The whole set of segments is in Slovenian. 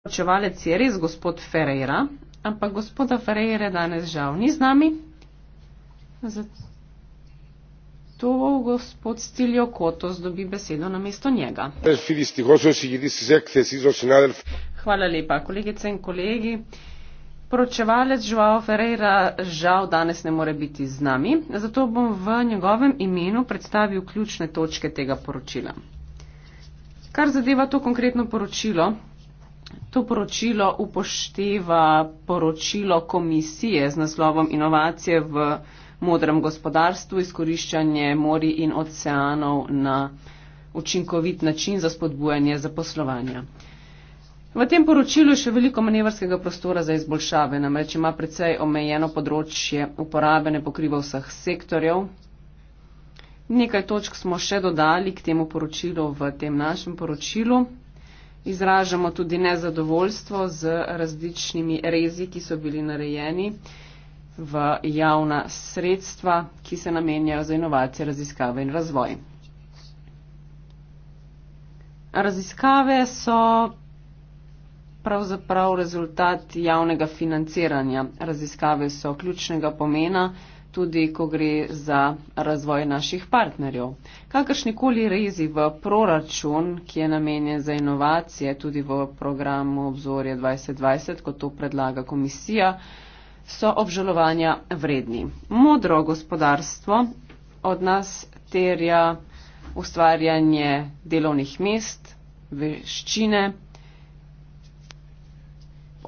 poročevalec je res gospod Ferreira, ampak gospoda Ferreira danes žal ni z nami. Zato gospod Stiljo Kotos dobi besedo na mesto njega. Hvala lepa, kolegice in kolegi. Poročevalec Žuao Ferreira žal danes ne more biti z nami, zato bom v njegovem imenu predstavil ključne točke tega poročila. Kar zadeva to konkretno poročilo, To poročilo upošteva poročilo komisije z naslovom Inovacije v modrem gospodarstvu, izkoriščanje mori in oceanov na učinkovit način za spodbujanje zaposlovanja. V tem poročilu je še veliko manevrskega prostora za izboljšave, namreč ima precej omejeno področje uporabe, ne pokriva vseh sektorjev. Nekaj točk smo še dodali k temu poročilu v tem našem poročilu izražamo tudi nezadovoljstvo z različnimi rezi, ki so bili narejeni v javna sredstva, ki se namenjajo za inovacije, raziskave in razvoj. Raziskave so pravzaprav rezultat javnega financiranja. Raziskave so ključnega pomena tudi ko gre za razvoj naših partnerjev. Kakršnikoli rezi v proračun, ki je namenjen za inovacije, tudi v programu obzorje 2020, kot to predlaga komisija, so obžalovanja vredni. Modro gospodarstvo od nas terja ustvarjanje delovnih mest, veščine.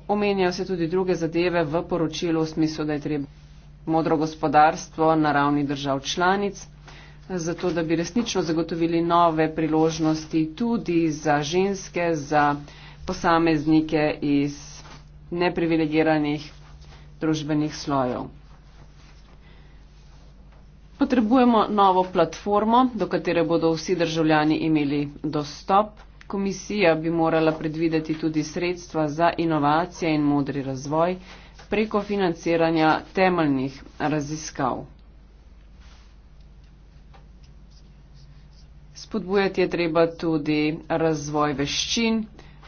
Omenjajo se tudi druge zadeve v poročilu v smislu, da je treba modro gospodarstvo na ravni držav članic, zato da bi resnično zagotovili nove priložnosti tudi za ženske, za posameznike iz neprivilegiranih družbenih slojev. Potrebujemo novo platformo, do katere bodo vsi državljani imeli dostop. Komisija bi morala predvideti tudi sredstva za inovacije in modri razvoj, preko financiranja temeljnih raziskav. Spodbujati je treba tudi razvoj veščin,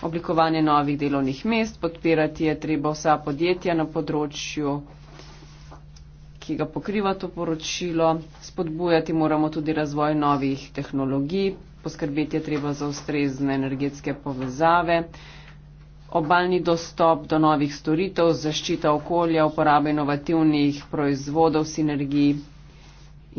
oblikovanje novih delovnih mest, podpirati je treba vsa podjetja na področju, ki ga pokriva to poročilo, spodbujati moramo tudi razvoj novih tehnologij, poskrbeti je treba za ustrezne energetske povezave, obaljni dostop do novih storitev, zaščita okolja, uporaba inovativnih proizvodov, sinergiji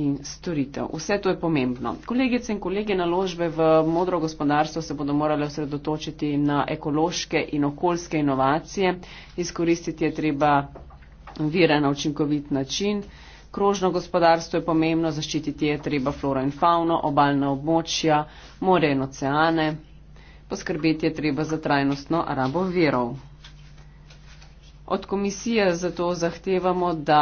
in storitev. Vse to je pomembno. Kolegice in kolege naložbe v modro gospodarstvo se bodo morale osredotočiti na ekološke in okoljske inovacije. Izkoristiti je treba vire na učinkovit način. Krožno gospodarstvo je pomembno, zaščititi je treba floro in fauno, obaljna območja, more in oceane poskrbeti je treba za trajnostno rabo verov. Od komisije zato zahtevamo, da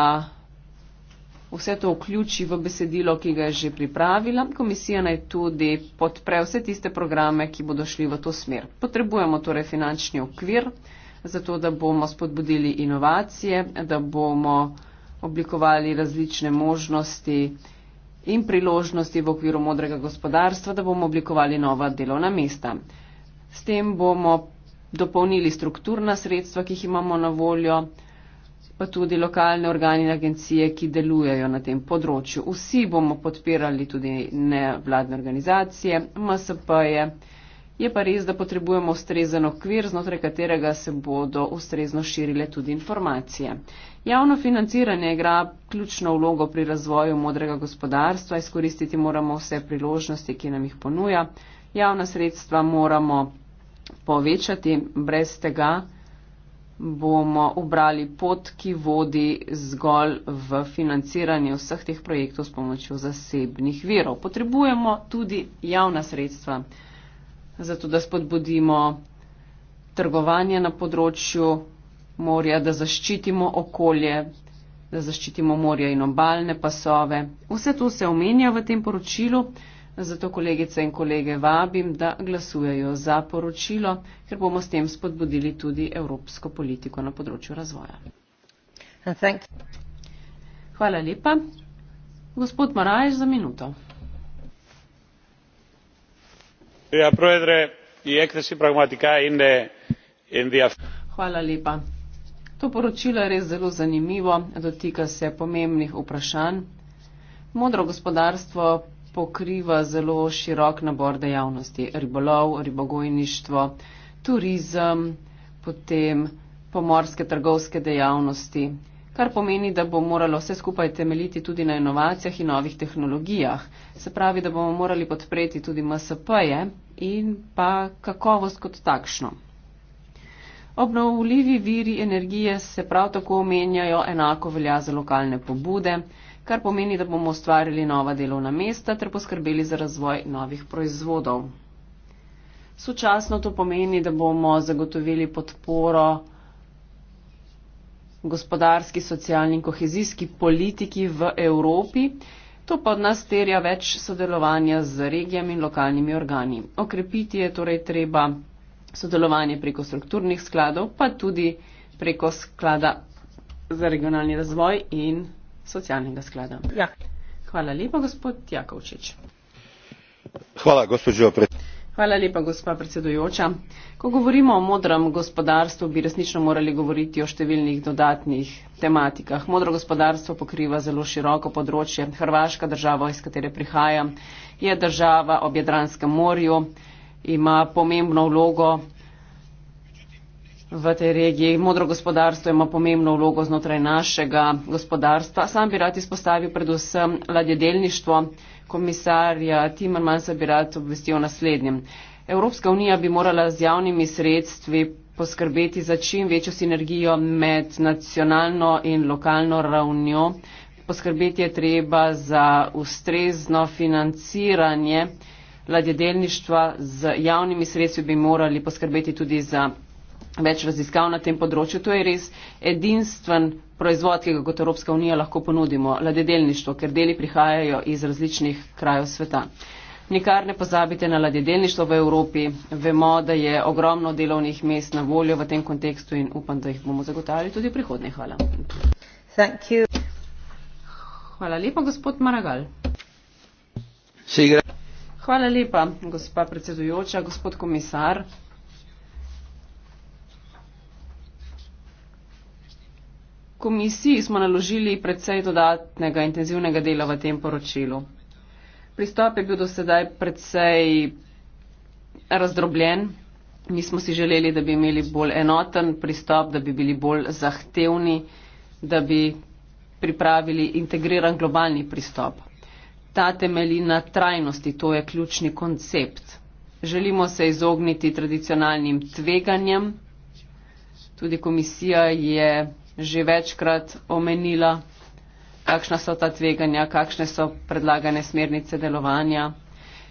vse to vključi v besedilo, ki ga je že pripravila. Komisija naj tudi podpre vse tiste programe, ki bodo šli v to smer. Potrebujemo torej finančni okvir, zato da bomo spodbudili inovacije, da bomo oblikovali različne možnosti in priložnosti v okviru modrega gospodarstva, da bomo oblikovali nova delovna mesta. S tem bomo dopolnili strukturna sredstva, ki jih imamo na voljo, pa tudi lokalne organi in agencije, ki delujejo na tem področju. Vsi bomo podpirali tudi nevladne organizacije, MSP-je. Je pa res, da potrebujemo ustrezen okvir, znotraj katerega se bodo ustrezno širile tudi informacije. Javno financiranje igra ključno vlogo pri razvoju modrega gospodarstva, izkoristiti moramo vse priložnosti, ki nam jih ponuja. Javna sredstva moramo povečati. Brez tega bomo obrali pot, ki vodi zgolj v financiranje vseh teh projektov s pomočjo zasebnih virov. Potrebujemo tudi javna sredstva, zato da spodbudimo trgovanje na področju morja, da zaščitimo okolje, da zaščitimo morja in obaljne pasove. Vse to se omenja v tem poročilu. Zato kolegice in kolege vabim, da glasujejo za poročilo, ker bomo s tem spodbudili tudi evropsko politiko na področju razvoja. Hvala lepa. Gospod Marajš za minuto. Hvala lepa. To poročilo je res zelo zanimivo, dotika se pomembnih vprašanj. Modro gospodarstvo pokriva zelo širok nabor dejavnosti. Ribolov, ribogojništvo, turizem, potem pomorske trgovske dejavnosti, kar pomeni, da bo moralo vse skupaj temeljiti tudi na inovacijah in novih tehnologijah. Se pravi, da bomo morali podpreti tudi MSP-je in pa kakovost kot takšno. Obnovljivi viri energije se prav tako omenjajo, enako velja za lokalne pobude kar pomeni, da bomo ustvarili nova delovna mesta ter poskrbeli za razvoj novih proizvodov. Sočasno to pomeni, da bomo zagotovili podporo gospodarski, socialni in kohezijski politiki v Evropi. To pa od nas terja več sodelovanja z regijami in lokalnimi organi. Okrepiti je torej treba sodelovanje preko strukturnih skladov, pa tudi preko sklada za regionalni razvoj in socialnega sklada. Ja. Hvala lepa, gospod Jakovčič. Hvala, gospođo predsednica. Hvala lepa, gospa predsedujoča. Ko govorimo o modrem gospodarstvu, bi resnično morali govoriti o številnih dodatnih tematikah. Modro gospodarstvo pokriva zelo široko področje. Hrvaška država, iz katere prihajam, je država ob Jadranskem morju, ima pomembno vlogo v tej regiji. Modro gospodarstvo ima pomembno vlogo znotraj našega gospodarstva. Sam bi rad izpostavil predvsem ladjedelništvo komisarja Timmermansa bi rad obvestil naslednjem. Evropska unija bi morala z javnimi sredstvi poskrbeti za čim večjo sinergijo med nacionalno in lokalno ravnjo. Poskrbeti je treba za ustrezno financiranje ladjedelništva z javnimi sredstvi bi morali poskrbeti tudi za več raziskav na tem področju. To je res edinstven proizvod, ki ga kot Evropska unija lahko ponudimo, ladedelništvo, ker deli prihajajo iz različnih krajev sveta. Nikar ne pozabite na ladedelništvo v Evropi. Vemo, da je ogromno delovnih mest na voljo v tem kontekstu in upam, da jih bomo zagotavljali tudi v prihodnje. Hvala. Hvala lepa, gospod Maragal. Hvala lepa, gospa predsedujoča, gospod komisar. komisiji smo naložili predvsej dodatnega intenzivnega dela v tem poročilu. Pristop je bil do sedaj predvsej razdrobljen. Mi smo si želeli, da bi imeli bolj enoten pristop, da bi bili bolj zahtevni, da bi pripravili integriran globalni pristop. Ta temelji na trajnosti, to je ključni koncept. Želimo se izogniti tradicionalnim tveganjem. Tudi komisija je že večkrat omenila, kakšna so ta tveganja, kakšne so predlagane smernice delovanja.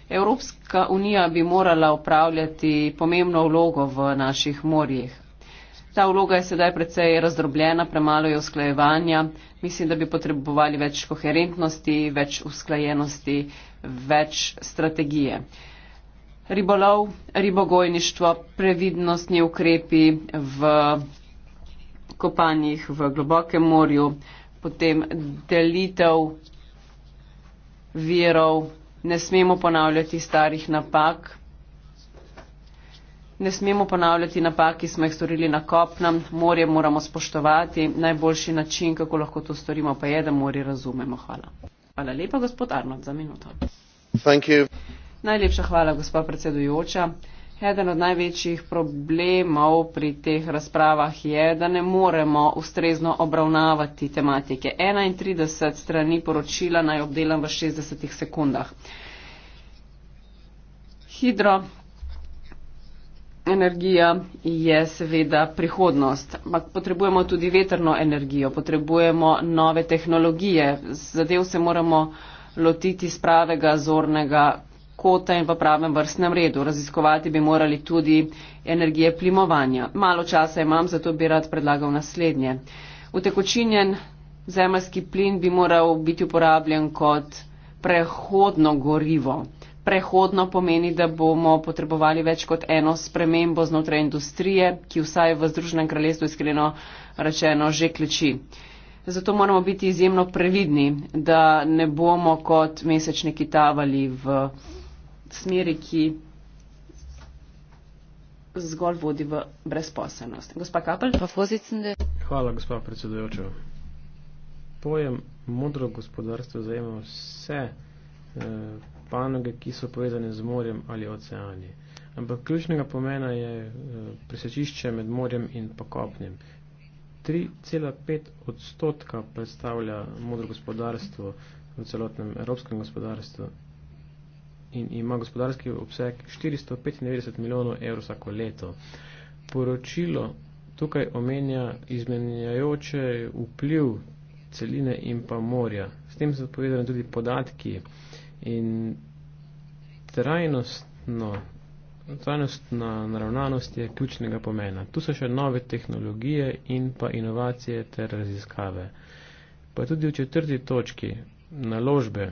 Evropska unija bi morala upravljati pomembno vlogo v naših morjih. Ta vloga je sedaj precej razdrobljena, premalo je usklajevanja. Mislim, da bi potrebovali več koherentnosti, več usklajenosti, več strategije. Ribolov, ribogojništvo, previdnostni ukrepi v kopanjih v globokem morju, potem delitev virov, ne smemo ponavljati starih napak, ne smemo ponavljati napak, ki smo jih storili na kopnem, morje moramo spoštovati, najboljši način, kako lahko to storimo, pa je, da morje razumemo. Hvala. Hvala lepa, gospod Arnold, za minuto. Najlepša hvala, gospod predsedujoča. Eden od največjih problemov pri teh razpravah je, da ne moremo ustrezno obravnavati tematike. 31 strani poročila naj obdelam v 60 sekundah. Hidro energija je seveda prihodnost, ampak potrebujemo tudi veterno energijo, potrebujemo nove tehnologije. Zadev se moramo lotiti z pravega zornega kota in v pravem vrstnem redu. Raziskovati bi morali tudi energije plimovanja. Malo časa imam, zato bi rad predlagal naslednje. Utekočinjen zemljski plin bi moral biti uporabljen kot prehodno gorivo. Prehodno pomeni, da bomo potrebovali več kot eno spremembo znotraj industrije, ki vsaj v Združenem kraljestvu iskreno rečeno že kliči. Zato moramo biti izjemno previdni, da ne bomo kot mesečni kitavali v smeri, ki zgolj vodi v brezposelnost. Gospa Kapel, pa pozicende. Hvala, gospa predsedujoča. Pojem modro gospodarstvo zajema vse eh, panoge, ki so povezane z morjem ali oceani. Ampak ključnega pomena je eh, presečišče med morjem in pokopnjem. 3,5 odstotka predstavlja modro gospodarstvo v celotnem evropskem gospodarstvu in ima gospodarski obseg 495 milijonov evrov vsako leto. Poročilo tukaj omenja izmenjajoče vpliv celine in pa morja. S tem so povedani tudi podatki in trajnostno, trajnostna naravnanost je ključnega pomena. Tu so še nove tehnologije in pa inovacije ter raziskave. Pa tudi v četrti točki naložbe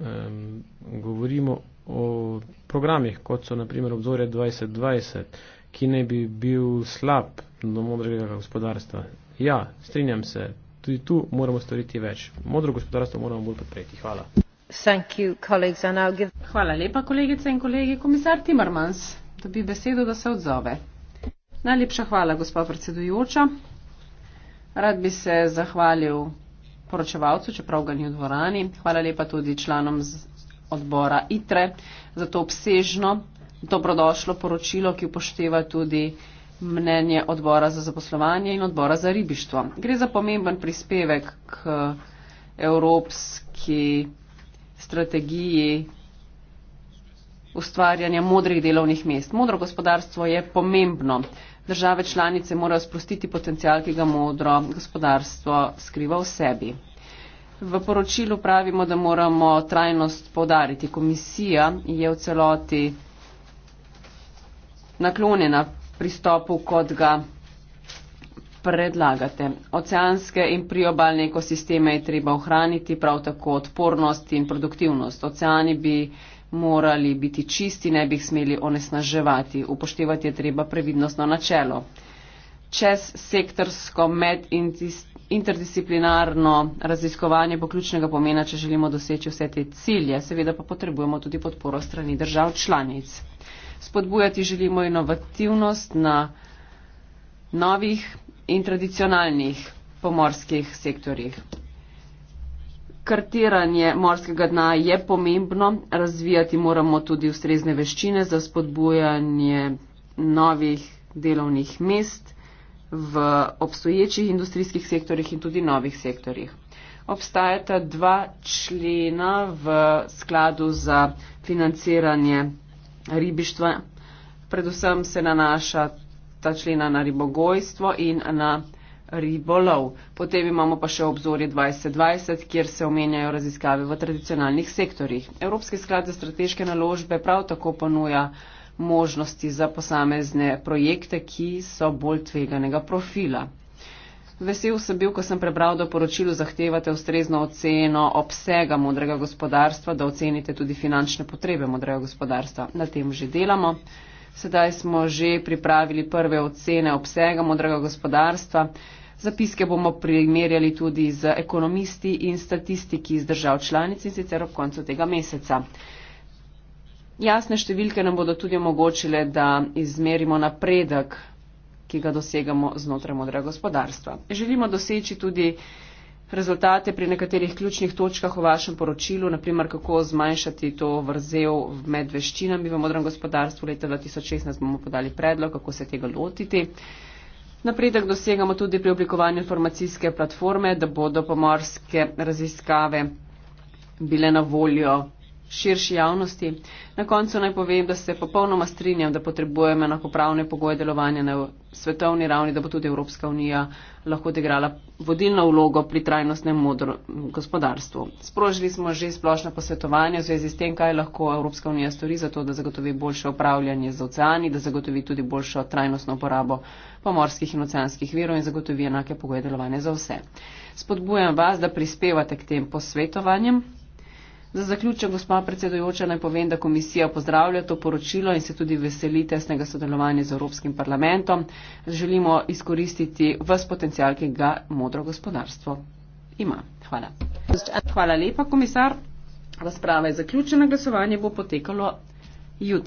um, govorimo o programih, kot so naprimer obzorje 2020, ki ne bi bil slab do modrega gospodarstva. Ja, strinjam se, tudi tu moramo storiti več. Modro gospodarstvo moramo bolj podpreti. Hvala. Thank you, colleagues, and I'll give... Hvala lepa, kolegice in kolegi. Komisar Timmermans dobi besedo, da se odzove. Najlepša hvala, gospod predsedujoča. Rad bi se zahvalil poročevalcu, čeprav ga ni v dvorani. Hvala lepa tudi članom z odbora ITRE za to obsežno, dobrodošlo poročilo, ki upošteva tudi mnenje odbora za zaposlovanje in odbora za ribištvo. Gre za pomemben prispevek k evropski strategiji ustvarjanja modrih delovnih mest. Modro gospodarstvo je pomembno. Države članice morajo sprostiti potencial, ki ga modro gospodarstvo skriva v sebi. V poročilu pravimo, da moramo trajnost povdariti. Komisija je v celoti naklonjena pristopu, kot ga predlagate. Oceanske in priobalne ekosisteme je treba ohraniti, prav tako odpornost in produktivnost. Oceani bi morali biti čisti, ne bi jih smeli onesnaževati. Upoštevati je treba previdnostno načelo. Čez sektorsko medinterdisciplinarno raziskovanje bo ključnega pomena, če želimo doseči vse te cilje. Seveda pa potrebujemo tudi podporo strani držav članic. Spodbujati želimo inovativnost na novih in tradicionalnih pomorskih sektorjih kartiranje morskega dna je pomembno, razvijati moramo tudi ustrezne veščine za spodbujanje novih delovnih mest v obstoječih industrijskih sektorjih in tudi novih sektorjih. Obstajata dva člena v skladu za financiranje ribištva. Predvsem se nanaša ta člena na ribogojstvo in na ribolov. Potem imamo pa še obzorje 2020, kjer se omenjajo raziskave v tradicionalnih sektorjih. Evropski sklad za strateške naložbe prav tako ponuja možnosti za posamezne projekte, ki so bolj tveganega profila. Vesel sem bil, ko sem prebral, da poročilo zahtevate ustrezno oceno obsega modrega gospodarstva, da ocenite tudi finančne potrebe modrega gospodarstva. Na tem že delamo. Sedaj smo že pripravili prve ocene obsega modrega gospodarstva. Zapiske bomo primerjali tudi z ekonomisti in statistiki iz držav članic in sicer ob koncu tega meseca. Jasne številke nam bodo tudi omogočile, da izmerimo napredek, ki ga dosegamo znotraj modrega gospodarstva. Želimo doseči tudi rezultate pri nekaterih ključnih točkah v vašem poročilu, naprimer kako zmanjšati to vrzel med veščinami v modrem gospodarstvu. Leta 2016 bomo podali predlog, kako se tega lotiti. Napredek dosegamo tudi pri oblikovanju informacijske platforme, da bodo pomorske raziskave bile na voljo širši javnosti. Na koncu naj povem, da se popolnoma strinjam, da potrebujemo enakopravne pogoje delovanja na svetovni ravni, da bo tudi Evropska unija lahko odigrala vodilno vlogo pri trajnostnem modrem gospodarstvu. Sprožili smo že splošno posvetovanje v zvezi s tem, kaj lahko Evropska unija stori za to, da zagotovi boljše upravljanje z oceani, da zagotovi tudi boljšo trajnostno uporabo pomorskih in oceanskih virov in zagotovi enake pogoje delovanja za vse. Spodbujam vas, da prispevate k tem posvetovanjem. Za zaključek, gospa predsedujoča, naj povem, da komisija pozdravlja to poročilo in se tudi veseli tesnega sodelovanja z Evropskim parlamentom. Želimo izkoristiti vse potencial, ki ga modro gospodarstvo ima. Hvala. Hvala lepa, komisar. Razprava je zaključena. Glasovanje bo potekalo jutri.